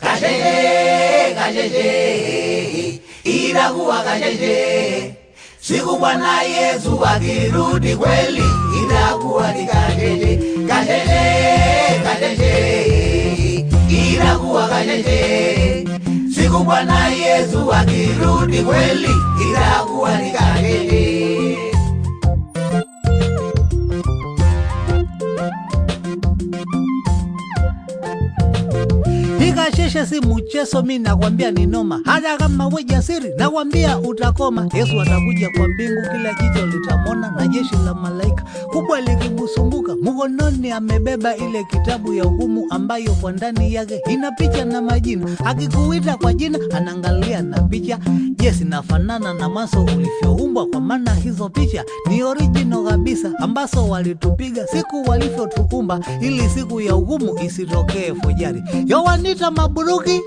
kashehe kashehe, itakuwa kashehe siku Bwana Yesu akirudi kweli, itakuwa ni kashehe kashehe kashehe, itakuwa kashehe siku Bwana Yesu akirudi kweli, itakuwa Nionyeshe si mchezo, mi nakwambia ni noma. Hata kama we jasiri, nakwambia utakoma. Yesu atakuja kwa mbingu, kila jicho litamona, na jeshi la malaika kubwa likibusunguka, mkononi amebeba ile kitabu ya hukumu, ambayo kwa ndani yake ina picha na majina. Akikuita kwa jina, anaangalia na picha pia zinafanana na mwanzo ulivyoumbwa, kwa maana hizo picha ni original kabisa ambazo walitupiga siku walivyotuumba, ili siku ya ugumu isitokee fojari. Yowanita Mabruki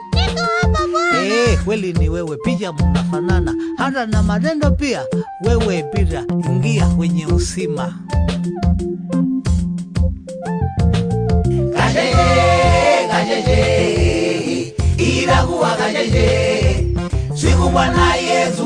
eh, kweli ni wewe, picha mnafanana hata na matendo pia. Wewe pita, ingia kwenye usima kajeje, kashehe, siku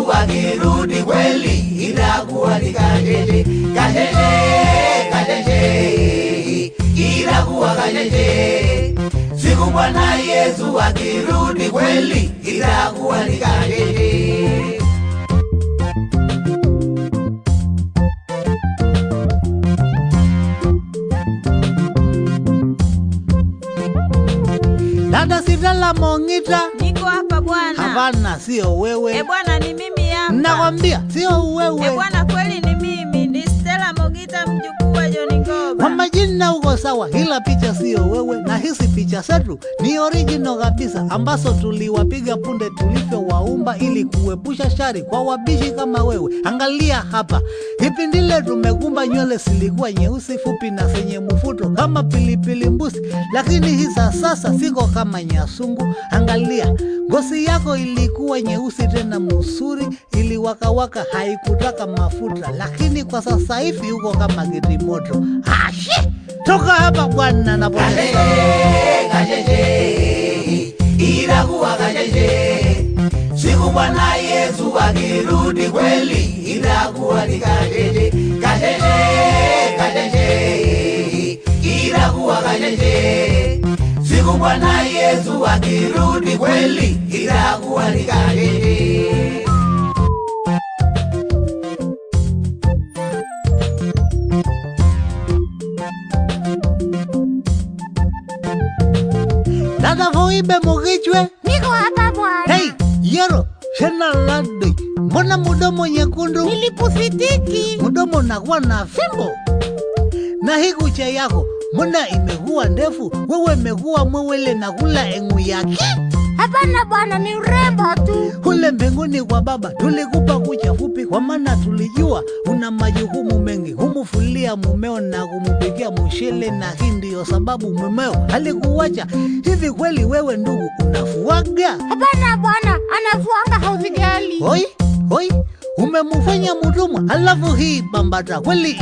Yesu akirudi kweli inakuwa ni kasheshe, kasheshe, kasheshe, inakuwa kasheshe. Siku Bwana Yesu akirudi kweli inakuwa ni kasheshe. Dada Sivela Mong'ita, niko hapa bwana. Hapana, sio wewe. Eh bwana, ni mimi nakwambia sio uwewe. E eh, kwa majina uko sawa, ila picha sio wewe, na hisi picha setu ni original kabisa, ambazo tuliwapiga punde tulivyowaumba ili kuepusha shari kwa wabishi kama wewe. Angalia hapa, kipindile tumekumba, nywele zilikuwa nyeusi fupi na zenye mufuto kama pilipili mbusi, lakini hisa sasa siko kama nyasungu. Angalia ngozi yako ilikuwa nyeusi tena mzuri, iliwakawaka, haikutaka mafuta, lakini kwa sasa hivi uko kama kitimoto ah, She, toka hapa bwana, napoteza itakuwa kashehe siku Bwana Yesu akirudi kweli, itakuwa ni kashehe kashehe kashehe, itakuwa kashehe siku Bwana Yesu akirudi kweli, itakuwa ni kashehe Dada be mogichwe. Niko hapa bwana. Hey, yero, shena landi. Mbona mudomo nyekundu? Nilikusitiki. Mudomo nakuwa na fimbo. Na hii kucha yako, mbona imekuwa ndefu? Wewe imekuwa mwewele na kula engu yake. Hapana bwana, ni urembo tu. Kule mbinguni kwa Baba tulikupa kucha fupi, kwa maana tulijua una majukumu mengi humu kumwangalia mumeo na kumpigia mushele na hii ndiyo sababu mumeo halikuwacha Hivi kweli wewe ndugu unafuaga? Hapana bwana, anafuanga house Hoi hoi, umemufanya mtumwa, alafu hii bambata kweli